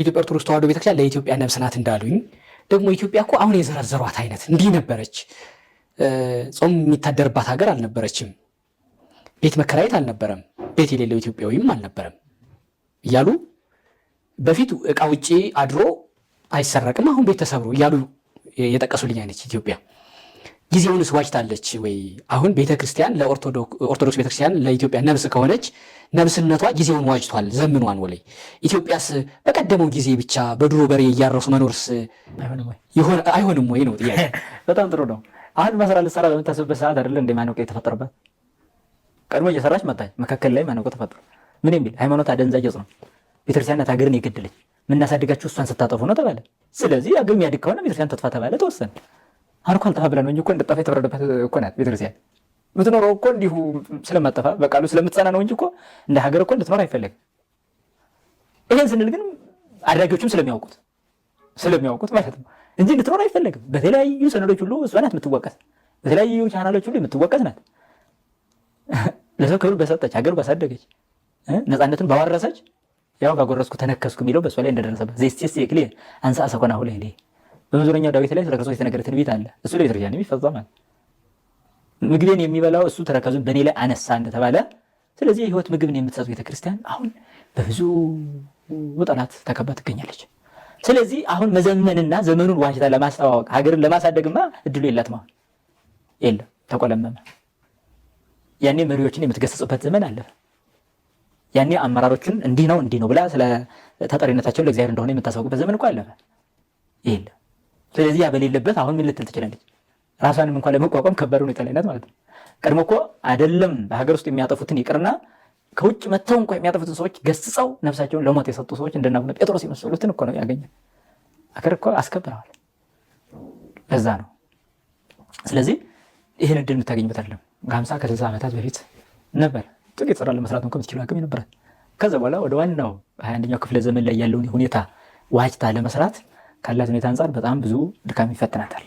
የኢትዮጵያ ኦርቶዶክስ ተዋሕዶ ቤተክርስቲያን ለኢትዮጵያ ነብስ ናት እንዳሉኝ ደግሞ ኢትዮጵያ እኮ አሁን የዘረዘሯት አይነት እንዲህ ነበረች። ጾም የሚታደርባት ሀገር አልነበረችም። ቤት መከራየት አልነበረም። ቤት የሌለው ኢትዮጵያዊም አልነበረም እያሉ በፊት እቃ ውጪ አድሮ አይሰረቅም፣ አሁን ቤት ተሰብሮ እያሉ የጠቀሱልኝ አይነች ኢትዮጵያ ጊዜውንስ ዋጅታለች ወይ? አሁን ቤተክርስቲያን ለኦርቶዶክስ ቤተክርስቲያን ለኢትዮጵያ ነብስ ከሆነች ነብስነቷ ጊዜውን ዋጅቷል ዘምኗን ወላይ ኢትዮጵያስ በቀደመው ጊዜ ብቻ በድሮ በሬ እያረሱ መኖርስ አይሆንም ወይ ነው ጥያቄ። በጣም ጥሩ ነው። አሁን መስራ ልሰራ በምታስብበት ሰዓት አይደለ እንደ ማነቆ የተፈጠረበት ቀድሞ እየሰራች መጣች። መካከል ላይ ማነቆ ተፈጠረ። ምን የሚል ሃይማኖት አደንዛዥ ዕፅ ነው። ቤተክርስቲያንነት ሀገርን የገደለች የምናሳድጋችሁ እሷን ስታጠፉ ነው ተባለ። ስለዚህ አገር የሚያድግ ከሆነ ቤተክርስቲያን ተጥፋ ተባለ፣ ተወሰነ። አልኮ አልጠፋ ብላ ነው እንጂ እኮ እንድጠፋ የተፈረደበት እኮ ናት ቤተክርስቲያን። የምትኖረው እኮ እንዲሁ ስለማጠፋ በቃሉ ስለምትጸና ነው እንጂ እኮ እንደ ሀገር እኮ እንድትኖር አይፈለግም። ይህን ስንል ግን አድራጊዎችም ስለሚያውቁት ስለሚያውቁት ማለት ነው እንጂ እንድትኖር አይፈለግም። በተለያዩ ሰነዶች ሁሉ እሷ ናት የምትወቀስ፣ በተለያዩ ቻናሎች ሁሉ የምትወቀስ ናት። ለሰው ክብር በሰጠች ሀገር ባሳደገች ነፃነትን ባወረሰች ያው ባጎረስኩ ተነከስኩ የሚለው በእሷ ላይ እንደደረሰበት ዜስቴስ ክሊ አንሳ ሰኮና ሁላ በመዝሙረኛው ዳዊት ላይ ተረከዞ የተነገረ ትንቢት አለ። እሱ ለቤተክርስቲያን ይፈጸማል። ምግቤን የሚበላው እሱ ተረከዙን በእኔ ላይ አነሳ እንደተባለ፣ ስለዚህ የህይወት ምግብን የምትሰጡ ቤተክርስቲያን አሁን በብዙ ጠላት ተከባ ትገኛለች። ስለዚህ አሁን መዘመንና ዘመኑን ዋሽታ ለማስተዋወቅ ሀገርን ለማሳደግማ እድሉ የላትም። አሁን የለም፣ ተቆለመመ። ያኔ መሪዎችን የምትገሰጹበት ዘመን አለ። ያኔ አመራሮችን እንዲህ ነው እንዲህ ነው ብላ ስለ ተጠሪነታቸውን ለእግዚአብሔር እንደሆነ የምታሳውቅበት ዘመን እኮ አለፈ። የለም ስለዚህ ያ በሌለበት አሁን ምን ልትል ትችላለች? ራሷንም እንኳን ለመቋቋም ከባድ ሁኔታ ላይ ናት ማለት ነው። ቀድሞ እኮ አይደለም በሀገር ውስጥ የሚያጠፉትን ይቅርና ከውጭ መጥተው እንኳ የሚያጠፉትን ሰዎች ገስጸው ነፍሳቸውን ለሞት የሰጡ ሰዎች እንደነ አቡነ ጴጥሮስ የመሰሉትን እኮ ነው ያገኘ። አገር እኮ አስከብረዋል። ለዛ ነው። ስለዚህ ይህን እድል የምታገኝበት አይደለም። ከሀምሳ ከስልሳ ዓመታት በፊት ነበር። ጥቂት ስራ ለመስራት ነው ከምትችለው አቅም ነበራት። ከዛ በኋላ ወደ ዋናው ሀያ አንደኛው ክፍለ ዘመን ላይ ያለውን ሁኔታ ዋጅታ ለመስራት ካላት ሁኔታ አንጻር በጣም ብዙ ድካም ይፈትናታል።